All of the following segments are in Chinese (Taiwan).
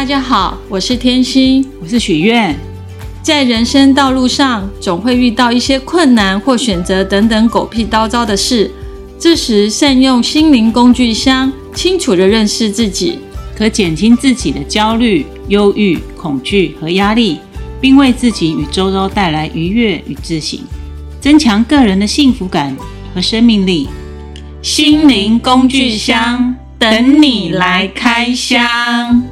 大家好，我是天心，我是許願。在人生道路上，總會遇到一些困難或選擇等等狗屁叨叨的事。這時，善用心靈工具箱，清楚地認識自己，可減輕自己的焦慮、憂鬱、恐懼和壓力，並為自己與周遭帶來愉悅與自信，增強個人的幸福感和生命力。心靈工具箱等你來開箱。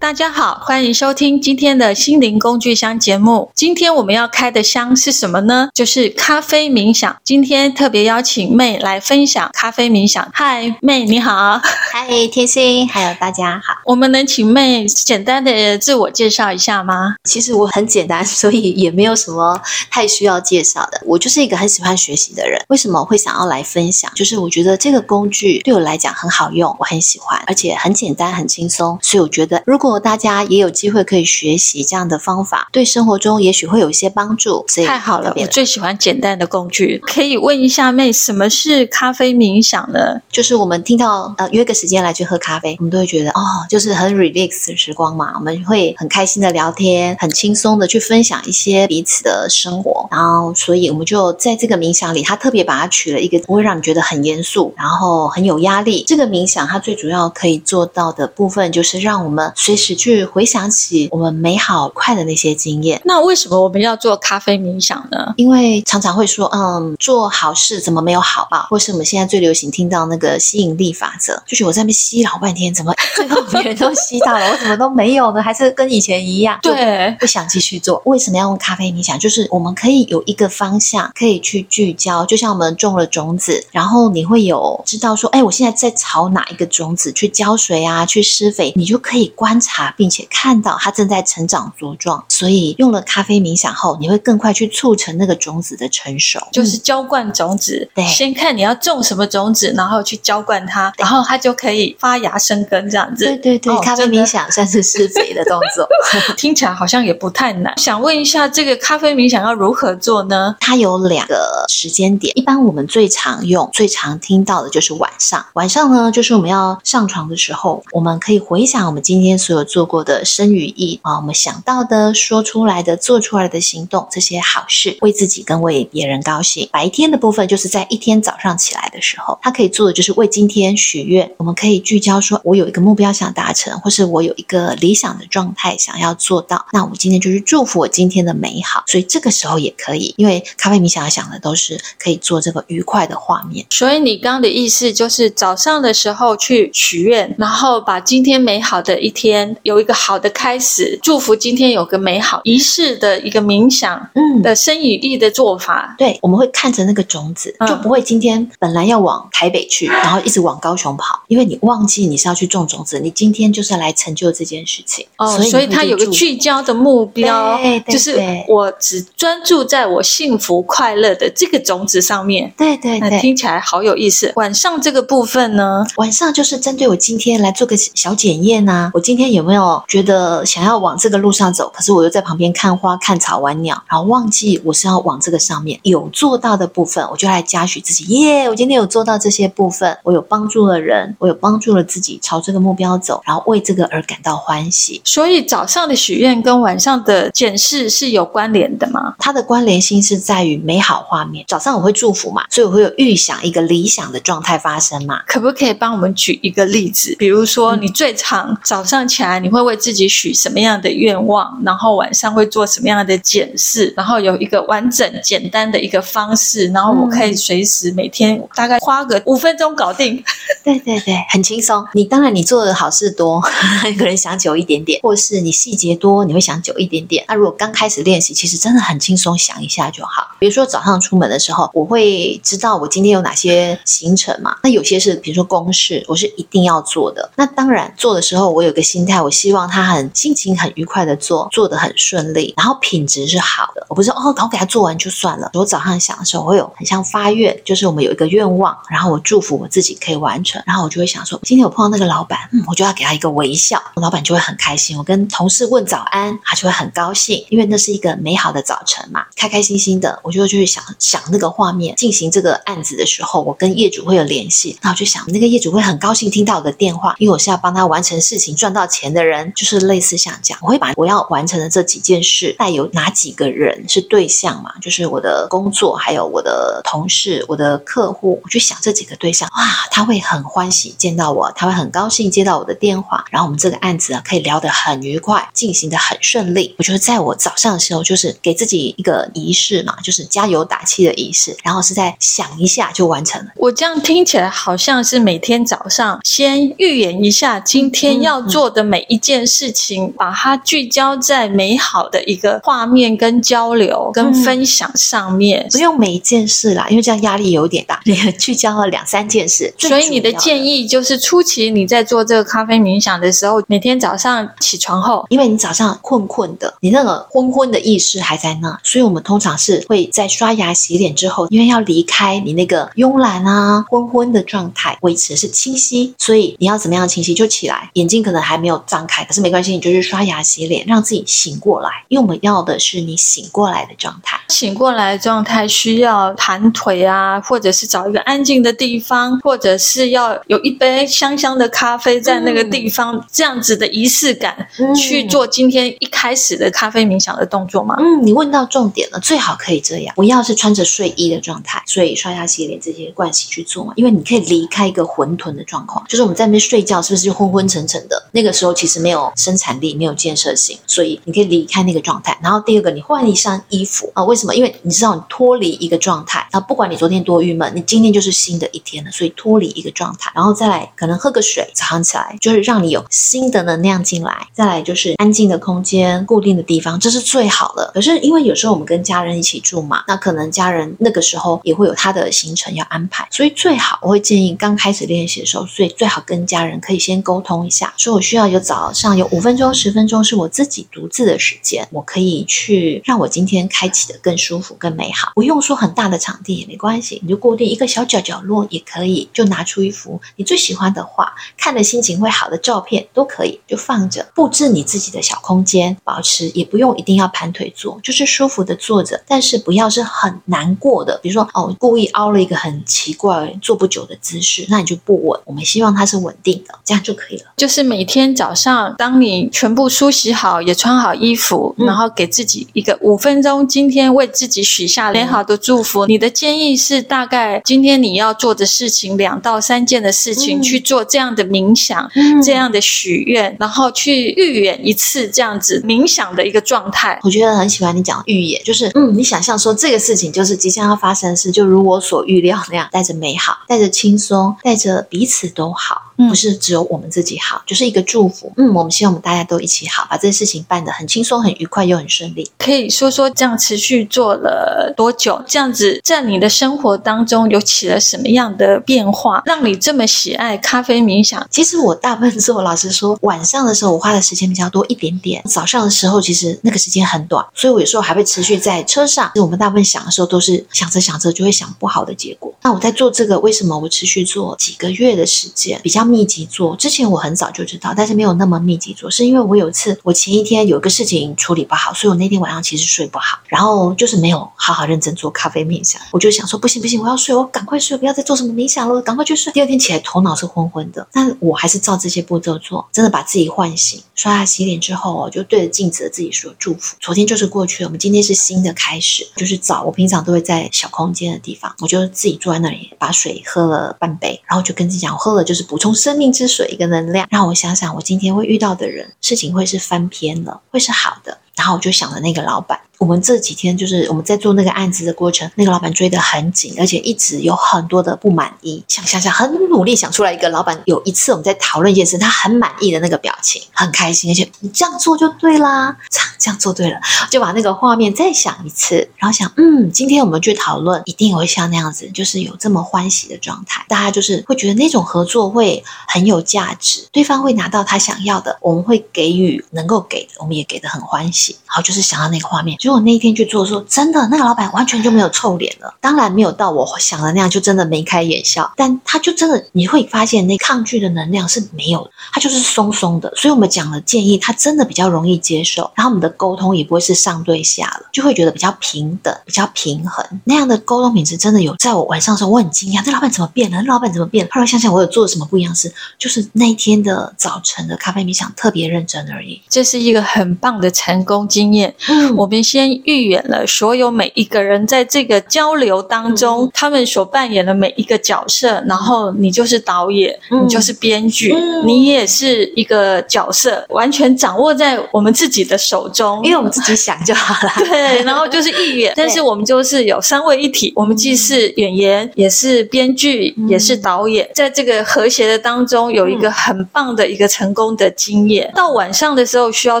大家好，歡迎收聽今天的心靈工具箱節目。今天我們要開的箱是什麼呢？就是咖啡冥想。今天特別邀請妹來分享咖啡冥想。嗨，妹你好。嗨，天心，還有大家好。我們能請妹簡單的自我介紹一下嗎？其實我很簡單，所以也沒有什麼太需要介紹的。我就是一個很喜歡學習的人。為什麼會想要來分享？就是我覺得這個工具對我來講很好用，我很喜歡，而且很簡單，很輕鬆。所以我覺得如果大家也有機會可以學習這樣的方法，對生活中也許會有一些幫助。所以太好了，了，我最喜歡簡單的工具。可以問一下妹，什麼是咖啡冥想呢？就是我們聽到呃約個時間來去喝咖啡，我們都會覺得哦，就是很 relax 的時光嘛。我們會很開心的聊天，很輕鬆的去分享一些彼此的生活。然後，所以我們就在這個冥想裡，他特別把它取了一個不會讓你覺得很嚴肅，然後很有壓力。這個冥想它最主要可以做到的部分，就是讓我們隨去回想起我們美好快的那些經驗。那為什麼我們要做咖啡冥想呢？因為常常會說，嗯，做好事怎麼沒有好報？或是我們現在最流行聽到那個吸引力法則，就是我在那邊吸老半天，怎麼最後別人都吸到了， 我怎麼都沒有呢？還是跟以前一樣，對，不想繼續做。為什麼要用咖啡冥想？就是我們可以有一個方向，可以去聚焦。就像我們種了種子，然後你會有知道說，哎、欸，我現在在朝哪一個種子去澆水啊，去施肥，你就可以觀察。它，並且看到它正在成長茁壯，所以用了咖啡冥想後，你會更快去促成那個種子的成熟，就是澆灌種子。嗯、對，先看你要種什麼種子，然後去澆灌它，然後它就可以發芽生根這樣子。對對對，哦、咖啡冥想算是施肥的動作。 聽起來好像也不太難。 想問一下，這個咖啡冥想要如何做呢？它有兩個時間點，一般我們最常用、最常聽到的就是晚上。晚上呢，就是我們要上床的時候，我們可以回想我們今天所有。做過的身語意，啊，我們想到的、說出來的、做出來的行動，這些好事，為自己跟為別人高興。白天的部分就是在一天早上起來的時候，他可以做的就是為今天許願。我們可以聚焦說，我有一個目標想達成，或是我有一個理想的狀態想要做到。那我今天就是祝福我今天的美好。所以這個時候也可以，因為咖啡冥想要想的都是可以做這個愉快的畫面。所以你剛剛的意思就是早上的時候去許願，然後把今天美好的一天，有一個好的開始，祝福今天有個美好儀式的一個冥想，嗯，的身語意的做法、嗯，對，我們會看着那個種子，嗯、就不會今天本來要往台北去、嗯，然後一直往高雄跑，因為你忘記你是要去種種子，你今天就是要來成就這件事情，哦，所以他有個聚焦的目標。對對對，就是我只專注在我幸福快樂的這個種子上面，對對，那、嗯、聽起來好有意思。晚上這個部分呢、嗯，晚上就是針對我今天來做個小檢驗啊，我今天有。有沒有覺得想要往這個路上走？可是我又在旁邊看花、看草、玩鳥，然後忘記我是要往這個上面。有做到的部分，我就要來嘉許自己耶！我今天有做到這些部分，我有幫助了人，我有幫助了自己朝這個目標走，然後為這個而感到歡喜。所以早上的許願跟晚上的檢視是有關聯的嗎？它的關聯性是在於美好畫面。早上我會祝福嘛，所以我會有預想一個理想的狀態發生嘛。可不可以幫我們舉一個例子？比如說你最常早上起來。啊、你會為自己許什麼樣的願望？然後晚上會做什麼樣的檢視？然後有一個完整、簡單的一個方式，然後我可以隨時每天大概花個五分鐘搞定。對對對，很輕鬆。你當然你做的好事多，可能想久一點點；或是你細節多，你會想久一點點。那如果剛開始練習，其實真的很輕鬆，想一下就好。比如說早上出門的時候，我會知道我今天有哪些行程嘛，那有些是比如說公事，我是一定要做的。那當然做的時候，我有個心。我希望他很心情很愉快的做，做得很順利，然後品質是好的。我不是哦，然後給他做完就算了。我早上想的時候，我會有很像發願，就是我們有一個願望，然後我祝福我自己可以完成。然後我就會想說，今天我碰到那個老闆，嗯，我就要給他一個微笑，老闆就會很開心。我跟同事問早安，他就會很高興，因為那是一個美好的早晨嘛，開開心心的。我就會去想想那個畫面，進行這個案子的時候，我跟業主會有聯繫，那我就想那個業主會很高興聽到我的電話，因為我是要幫他完成事情，賺到錢。前的人就是類似像這樣，我會把我要完成的這幾件事，帶有哪幾個人是對象嘛？就是我的工作，還有我的同事、我的客戶，我去想這幾個對象，哇，他會很歡喜見到我，他會很高興接到我的電話，然後我們這個案子啊，可以聊得很愉快，進行得很順利。我覺得在我早上的時候，就是給自己一個儀式嘛，就是加油打氣的儀式，然後是在想一下就完成了。我這樣聽起來好像是每天早上先預演一下今天要做的，嗯嗯嗯。每一件事情，把它聚焦在美好的一個畫面、跟交流、跟分享上面，嗯，不用每一件事啦，因為這樣壓力有點大。你聚焦了兩三件事，所以你的建議就是，初期你在做這個咖啡冥想的時候，每天早上起床後，因為你早上困困的，你那個昏昏的意識還在那，所以我們通常是會在刷牙洗臉之後，因為要離開你那個慵懶啊、昏昏的狀態，維持是清晰，所以你要怎麼樣清晰就起來，眼睛可能還沒有。張開，可是沒關係，你就是刷牙、洗臉，讓自己醒過來。因為我們要的是你醒過來的狀態。醒過來的狀態需要盤腿啊，或者是找一個安靜的地方，或者是要有一杯香香的咖啡在那個地方，嗯、這樣子的儀式感、嗯、去做今天一開始的咖啡冥想的動作嗎？嗯，你問到重點了，最好可以這樣，不要是穿着睡衣的狀態，所以刷牙、洗臉這些慣性去做嘛，因為你可以離開一個混沌的狀況，就是我們在那邊睡覺是不是就昏昏沉沉的？那個時候。其實沒有生產力，沒有建設性，所以你可以離開那個狀態。然後第二個，你換一身衣服啊？為什麼？因為你知道，你脫離一個狀態，啊，不管你昨天多鬱悶，你今天就是新的一天了。所以脫離一個狀態，然後再來，可能喝個水，早上起來就是讓你有新的能量進來。再來就是安靜的空間，固定的地方，這是最好的。可是因為有時候我們跟家人一起住嘛，那可能家人那個時候也會有他的行程要安排，所以最好我會建議剛開始練習的時候，所以最好跟家人可以先溝通一下，說我需要有。早上有五分鐘、十分鐘是我自己獨自的時間，我可以去讓我今天開啟得更舒服、更美好。不用說很大的場地也沒關係，你就固定一個小角角落也可以，就拿出一幅你最喜歡的畫，看的心情會好的照片都可以，就放着布置你自己的小空間，保持也不用一定要盤腿坐，就是舒服的坐着，但是不要是很難過的，比如說哦故意凹了一個很奇怪坐不久的姿勢，那你就不穩。我們希望它是穩定的，這樣就可以了。就是每天早。早上，當你全部梳洗好，也穿好衣服，嗯、然後給自己一個五分鐘，今天為自己許下美好的祝福。嗯、你的建議是，大概今天你要做的事情兩到三件的事情、嗯、去做這樣的冥想、嗯，這樣的許願，然後去預演一次這樣子冥想的一個狀態。我覺得很喜歡你講預演，就是嗯，你想象說這個事情就是即將要發生的事，就如我所預料那樣，帶着美好，帶着輕鬆，帶着彼此都好。嗯，不是只有我們自己好，就是一個祝福。嗯，我們希望我們大家都一起好，把這事情辦得很輕鬆、很愉快又很順利。可以說說這樣持續做了多久？這樣子在你的生活當中有起了什麼樣的變化，讓你這麼喜愛咖啡冥想？其實我大部分，我老實說，晚上的時候我花的時間比較多一點點，早上的時候其實那個時間很短，所以我有時候還會持續在車上。其實我們大部分想的時候都是想着想着就會想不好的結果。那我在做這個，為什麼我持續做幾個月的時間比較？密集做之前，我很早就知道，但是沒有那麼密集做，是因為我有一次，我前一天有一個事情處理不好，所以我那天晚上其實睡不好，然後就是沒有好好認真做咖啡冥想，我就想說不行不行，我要睡，我趕快睡，不要再做什麼冥想了，趕快去睡。第二天起來頭腦是昏昏的，但我還是照這些步驟做，真的把自己喚醒。刷牙洗臉之後哦，我就對着鏡子的自己說祝福。昨天就是過去了，我們今天是新的開始。就是早，我平常都會在小空間的地方，我就自己坐在那裡，把水喝了半杯，然後就跟自己講，我喝了就是補充。生命之水，一個能量，讓我想想，我今天會遇到的人、事情會是翻篇了，會是好的。然後我就想着那個老闆。我們這幾天就是我們在做那個案子的過程，那個老闆追得很緊，而且一直有很多的不滿意。想想想，很努力想出來一個老闆。有一次我們在討論一件事，他很滿意的那個表情，很開心，而且你這樣做就對啦，這樣這樣做對了，就把那個畫面再想一次，然後想，嗯，今天我們去討論，一定會像那樣子，就是有這麼歡喜的狀態，大家就是會覺得那種合作會很有價值，對方會拿到他想要的，我們會給予能夠給的，我們也給的很歡喜。好，就是想到那個畫面如果那一天去做的時候，真的，那個老板完全就沒有臭臉了。當然沒有到我想的那樣，就真的眉開眼笑。但他就真的你會發現，那抗拒的能量是沒有的，他就是鬆鬆的。所以，我們講的建議，他真的比較容易接受。然後，我們的溝通也不會是上對下了，就會覺得比較平等、比較平衡。那樣的溝通品質真的有。在我晚上的時候，我很驚訝，這老板怎麼變了？這老板怎麼變了？後來想想，我有做的什麼不一樣的事？就是那一天的早晨的咖啡冥想特別認真而已。這是一個很棒的成功經驗。嗯， 我們先。先預演了所有每一個人在這個交流當中，嗯、他們所扮演的每一個角色，然後你就是導演，嗯、你就是編劇、嗯，你也是一個角色，完全掌握在我們自己的手中，因為我們自己想就好了。對，然後就是預演。 但是我們就是有三位一體，我們既是演員、嗯，也是編劇、嗯，也是導演，在這個和諧的當中有一個很棒的一個成功的經驗、嗯。到晚上的時候需要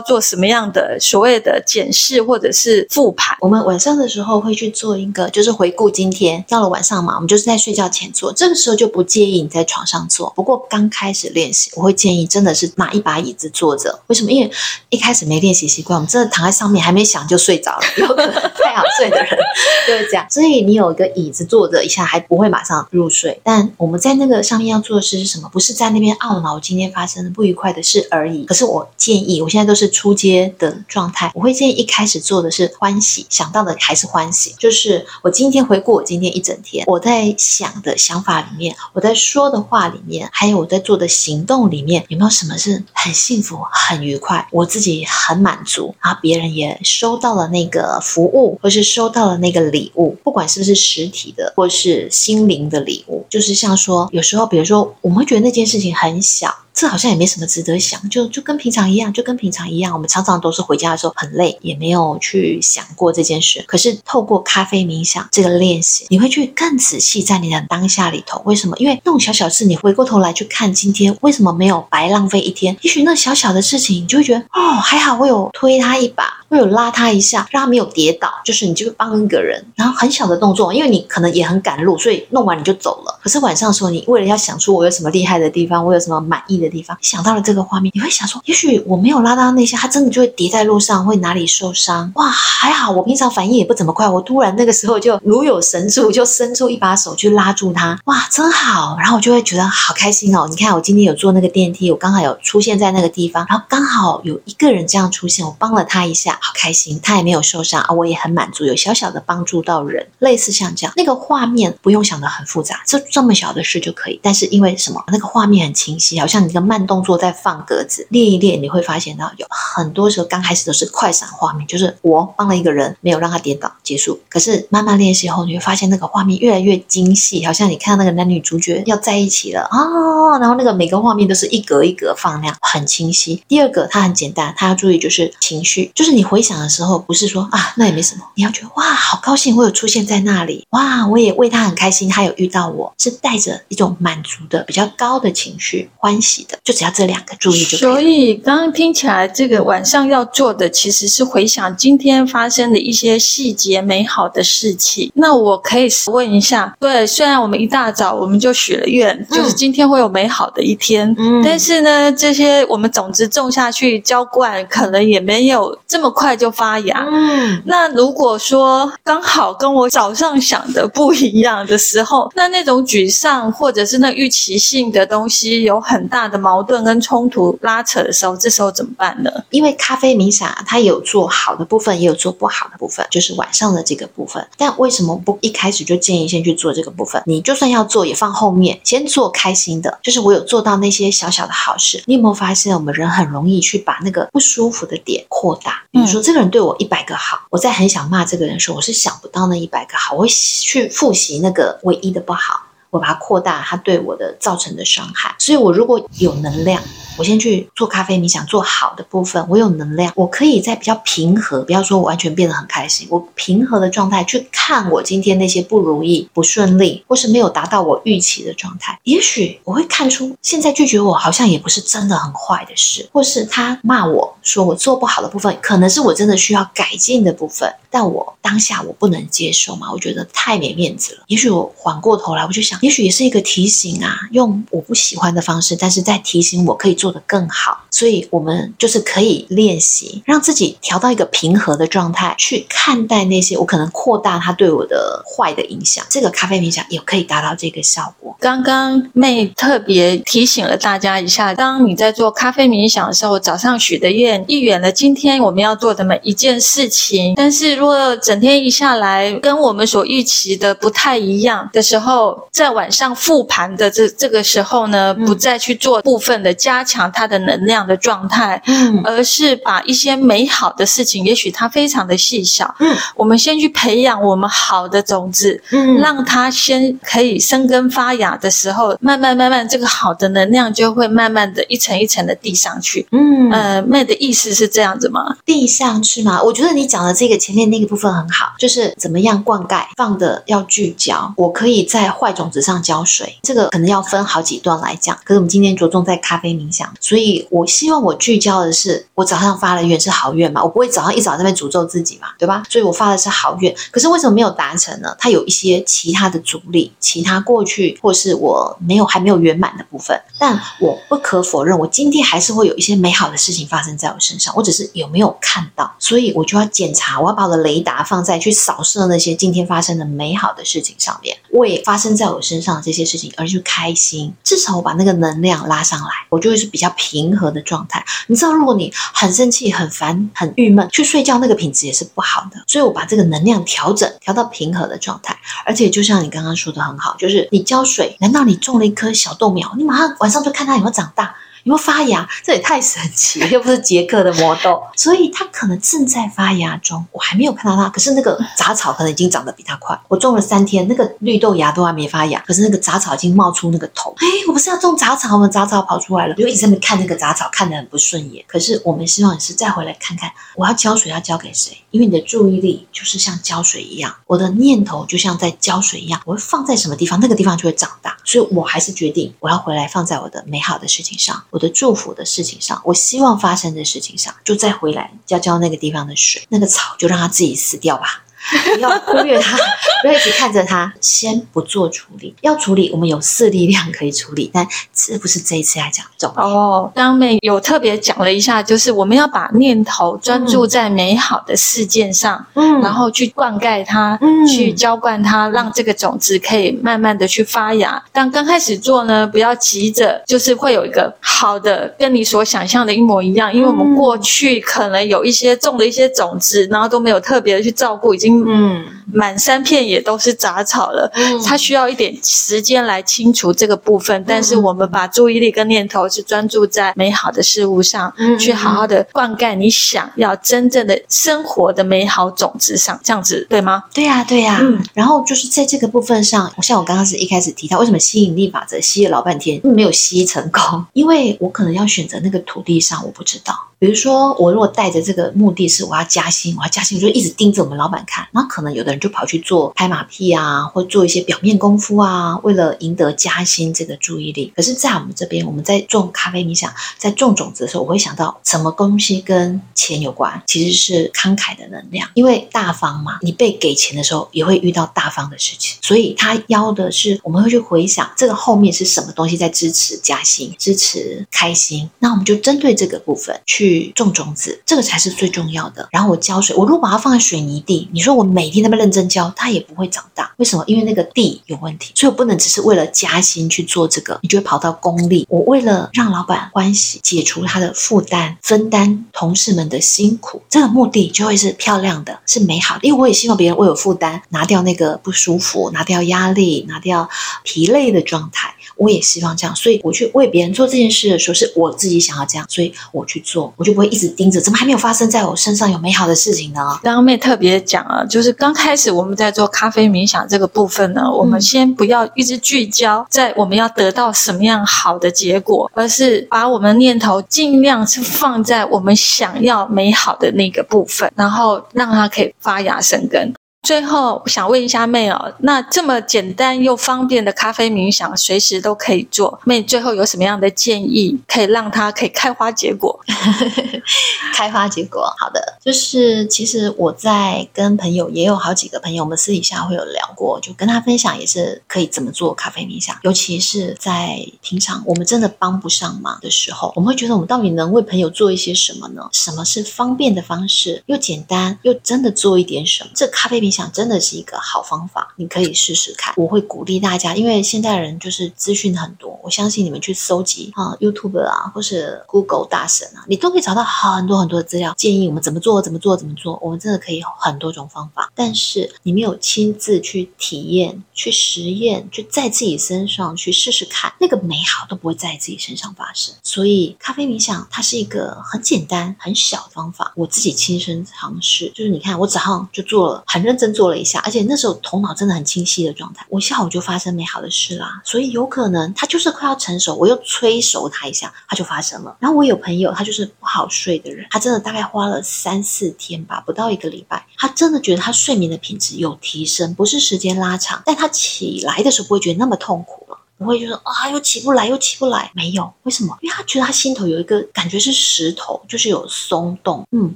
做什麼樣的所謂的檢視，或者是。是復盤，我們晚上的時候會去做一個，就是回顧今天。到了晚上嘛，我們就是在睡覺前做。這個時候就不建議你在床上做。不過剛開始練習，我會建議真的是拿一把椅子坐着。為什麼？因為一開始沒練習習慣，我們真的躺在上面還沒想就睡着了。有個太好睡的人 就是這樣。所以你有一個椅子坐着一下還不會馬上入睡。但我們在那個上面要做的事是什麼？不是在那邊懊惱今天發生的不愉快的事而已。可是我建議，我現在都是初階的狀態，我會建議一開始做的。是歡喜，想到的還是歡喜。就是我今天回顧我今天一整天，我在想的想法裡面，我在說的話裡面，還有我在做的行動裡面，有沒有什麼是很幸福、很愉快，我自己很滿足，然後別人也收到了那個服務，或是收到了那個禮物，不管是不是實體的，或是心靈的禮物，就是像說，有時候，比如說，我們會覺得那件事情很小。這好像也沒什麼值得想，就就跟平常一樣，就跟平常一樣。我們常常都是回家的時候很累，也沒有去想過這件事。可是透過咖啡冥想這個練習，你會去更仔細在你的當下裡頭。為什麼？因為那種小小事，你回過頭來去看今天為什麼沒有白浪費一天？也許那小小的事情，你就會覺得哦，還好我有推他一把。會有拉他一下，讓他沒有跌倒，就是你就會幫一個人，然後很小的動作，因為你可能也很趕路，所以弄完你就走了。可是晚上的時候，你為了要想出我有什麼厲害的地方，我有什麼滿意的地方，想到了這個畫面，你會想說，也許我沒有拉到那些，他真的就會跌在路上，會哪裡受傷？哇，還好，我平常反應也不怎麼快，我突然那個時候就如有神助，就伸出一把手去拉住他，哇，真好！然後我就會覺得好開心哦。你看，我今天有坐那個電梯，我剛好有出現在那個地方，然後剛好有一個人這樣出現，我幫了他一下。好開心，他也沒有受傷啊，我也很滿足，有小小的幫助到人，類似像這樣那個畫面，不用想得很複雜，這這麼小的事就可以。但是因為什麼，那個畫面很清晰，好像你一個慢動作在放格子，練一練你會發現到，有很多時候剛開始都是快閃畫面，就是我幫了一個人，沒有讓他跌倒結束。可是慢慢練習後，你會發現那個畫面越來越精細，好像你看到那個男女主角要在一起了啊，然後那個每個畫面都是一格一格放量，很清晰。第二個它很簡單，它要注意就是情緒，就是你。回想的時候，不是說啊，那也沒什麼。你要覺得哇，好高興，我有出現在那裡，哇，我也為他很開心，他有遇到我，是帶着一種滿足的、比較高的情緒，歡喜的。就只要這兩個注意就可以。所以剛剛聽起來，這個晚上要做的其實是回想今天發生的一些細節美好的事情。那我可以問一下，對，雖然我們一大早我們就許了願，嗯，就是今天會有美好的一天，嗯，但是呢，這些我們種子種下去，澆灌，可能也沒有這麼快。快就發芽。嗯，那如果說剛好跟我早上想的不一樣的時候，那那種沮喪或者是那預期性的東西有很大的矛盾跟衝突拉扯的時候，這時候怎麼辦呢？因為咖啡冥想它有做好的部分，也有做不好的部分，就是晚上的這個部分。但為什麼不一開始就建議先去做這個部分？你就算要做，也放後面先做開心的。就是我有做到那些小小的好事，你有沒有發現我們人很容易去把那個不舒服的點擴大？嗯。說這個人對我一百個好，我在很想罵這個人的時候，我是想不到那一百個好，我會去複習那個唯一的不好，我把它擴大它對我的造成的傷害。所以，我如果有能量。我先去做咖啡，冥想做好的部分，我有能量，我可以在比較平和，不要說我完全變得很開心，我平和的狀態去看我今天那些不如意、不順利，或是沒有達到我預期的狀態，也許我會看出現在拒絕我好像也不是真的很壞的事，或是他罵我說我做不好的部分，可能是我真的需要改進的部分，但我當下我不能接受嘛，我覺得太沒面子了。也許我緩過頭來，我就想，也許也是一個提醒啊，用我不喜歡的方式，但是在提醒我可以做做得更好，所以我們就是可以練習，讓自己調到一個平和的狀態去看待那些我可能擴大它對我的壞的影響。這個咖啡冥想也可以達到這個效果。剛剛妹特別提醒了大家一下，當你在做咖啡冥想的時候，早上許的願、意願了今天我們要做的每一件事情，但是如果整天一下來跟我們所預期的不太一樣的時候，在晚上復盤的這這個時候呢，不再去做部分的加強。強它的能量的狀態，嗯，而是把一些美好的事情，也許它非常的細小。嗯，我們先去培養我們好的種子，嗯，讓它先可以生根發芽的時候，慢慢慢慢，這個好的能量就會慢慢的一層一層的遞上去。嗯，呃，妹的意思是這樣子嗎？遞上去嗎？我覺得你講的這個前面那個部分很好，就是怎麼樣灌溉，放的要聚焦。我可以在壞種子上澆水，這個可能要分好幾段來講。可是我們今天着重在咖啡冥想。所以，我希望我聚焦的是，我早上發的願是好願嘛，我不會早上一早在那邊詛咒自己嘛，對吧？所以我發的是好願。可是為什麼沒有達成呢？它有一些其他的阻力，其他過去或是我沒有還沒有圓滿的部分。但我不可否認，我今天還是會有一些美好的事情發生在我身上，我只是有沒有看到。所以我就要檢查，我要把我的雷達放在去掃射那些今天發生的美好的事情上面，為發生在我身上的這些事情而去開心。至少我把那個能量拉上來，我就會是，比較平和的狀態，你知道，如果你很生氣、很煩、很鬱悶，去睡覺那個品質也是不好的。所以我把這個能量調整調到平和的狀態，而且就像你剛剛說的很好，就是你澆水，難道你種了一棵小豆苗，你馬上晚上就看它有沒有長大？有沒有發芽？這也太神奇了，又不是傑克的魔豆， 所以它可能正在發芽中，我還沒有看到它。可是那個雜草可能已經長得比它快。我種了三天，那個綠豆芽都還沒發芽，可是那個雜草已經冒出那個頭。哎、欸，我不是要種雜草嗎？雜草跑出來了。我一直在看那個雜草看得很不順眼，可是我們希望你是再回來看看。我要澆水要澆給誰？因為你的注意力就是像澆水一樣，我的念頭就像在澆水一樣，我會放在什麼地方，那個地方就會長大。所以我還是決定我要回來放在我的美好的事情上。我的祝福的事情上，我希望發生的事情上，就再回來澆澆那個地方的水，那個草就讓它自己死掉吧。 不要忽略它，不要一直看着它， 先不做處理。要處理，我們有四力量可以處理，但是不是這一次要講種？哦，剛剛妹有特別講了一下，就是我們要把念頭專注在美好的事件上，嗯、然後去灌溉它，嗯、去澆灌它、嗯，讓這個種子可以慢慢的去發芽。但剛開始做呢，不要急着，就是會有一個好的跟你所想象的一模一樣，因為我們過去可能有一些種了一些種子，然後都沒有特別的去照顧，已經。嗯，滿山遍野也都是雜草了。嗯、它需要一點時間來清除這個部分，嗯，但是我們把注意力跟念頭是專注在美好的事物上，嗯，去好好的灌溉你想要真正的生活的美好種子上，這樣子對嗎？對呀，啊，對呀，啊。嗯，然後就是在這個部分上，像我剛剛是一開始提到，為什麼吸引力法則吸了老半天沒有吸成功？因為我可能要選擇那個土地上我不知道，比如說我如果帶着這個目的是我要，我要加薪，我要加薪，我就一直盯着我們老板看。那可能有的人就跑去做拍馬屁啊，或做一些表面功夫啊，為了贏得加薪這個注意力。可是，在我們這邊，我們在種咖啡，你想在種種子的時候，我會想到什麼東西跟錢有關？其實是慷慨的能量，因為大方嘛。你被給錢的時候，也會遇到大方的事情。所以，他要的是我們會去回想這個後面是什麼東西在支持加薪、支持開心。那我們就針對這個部分去種種子，這個才是最重要的。然後我澆水，我如果把它放在水泥地，你說。我每天那麼認真教，他也不會長大。為什麼？因為那個地有問題，所以我不能只是為了加薪去做這個，你就會跑到公立。我為了讓老闆歡喜，解除他的負擔，分擔同事們的辛苦，這個目的就會是漂亮的，是美好的。因為我也希望別人沒有負擔，拿掉那個不舒服，拿掉壓力，拿掉疲累的狀態。我也希望這樣，所以我去為別人做這件事的時候，是我自己想要這樣，所以我去做，我就不會一直盯着怎麼還沒有發生在我身上有美好的事情呢？剛剛妹特別講啊，就是剛開始我們在做咖啡冥想這個部分呢，我們先不要一直聚焦在我們要得到什麼樣好的結果，而是把我們的念頭盡量是放在我們想要美好的那個部分，然後讓它可以發芽生根。最後我想問一下妹哦、喔，那這麼簡單又方便的咖啡冥想，隨時都可以做。妹最後有什麼樣的建議，可以讓它可以開花結果？ 開花結果，好的，就是其實我在跟朋友也有好幾個朋友，我們私底下會有聊過，就跟他分享也是可以怎麼做咖啡冥想，尤其是在平常我們真的幫不上忙的時候，我們會覺得我們到底能為朋友做一些什麼呢？什麼是方便的方式，又簡單又真的做一點什麼？這咖啡冥想。真的是一個好方法，你可以試試看。我會鼓勵大家，因為現在人就是資訊很多，我相信你們去蒐集啊、嗯，YouTube 啊，或是 Google 大神啊，你都可以找到很多很多的資料。建議我們怎麼做，怎麼做，怎麼做，我們真的可以很多種方法。但是你沒有親自去體驗、去實驗、去在自己身上去試試看，那個美好都不會在自己身上發生。所以咖啡冥想它是一個很簡單、很小的方法。我自己親身嘗試，就是你看我早上就做了很認。振作了一下，而且那時候頭腦真的很清晰的狀態。我下午就發生美好的事啦、啊，所以有可能他就是快要成熟，我又催熟他一下，他就發生了。然後我有朋友，他就是不好睡的人，他真的大概花了三四天吧，不到一個禮拜，他真的覺得他睡眠的品質有提升，不是時間拉長，但他起來的時候不會覺得那麼痛苦了。不會，就說啊，又起不來，又起不來。沒有，為什麼？因為他覺得他心頭有一個感覺是石頭，就是有鬆動。嗯，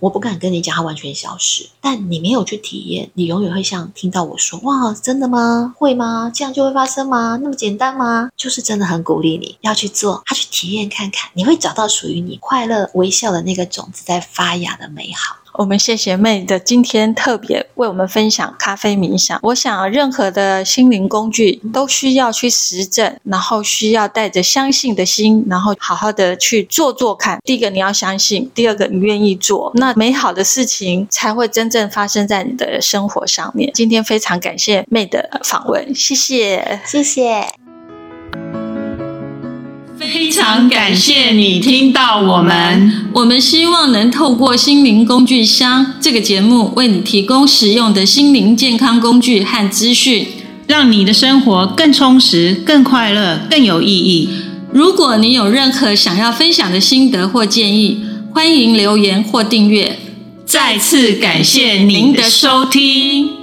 我不敢跟你講，它完全消失。但你沒有去體驗，你永遠會像聽到我說：“哇，真的嗎？會嗎？這樣就會發生嗎？那麼簡單嗎？”就是真的很鼓勵你要去做，他去體驗看看，你會找到屬於你快樂微笑的那個種子在發芽的美好。我們謝謝妹的今天特別為我們分享咖啡冥想。我想，任何的心靈工具都需要去實證，然後需要帶着相信的心，然後好好的去做做看。第一個你要相信，第二個你願意做，那美好的事情才會真正發生在你的生活上面。今天非常感謝妹的訪問，謝謝，謝謝。非常感謝你聽到我們。我們希望能透過心靈工具箱這個節目，為你提供實用的心靈健康工具和資訊，讓你的生活更充實、更快樂、更有意義。如果你有任何想要分享的心得或建議，歡迎留言或訂閱。再次感謝您的收聽。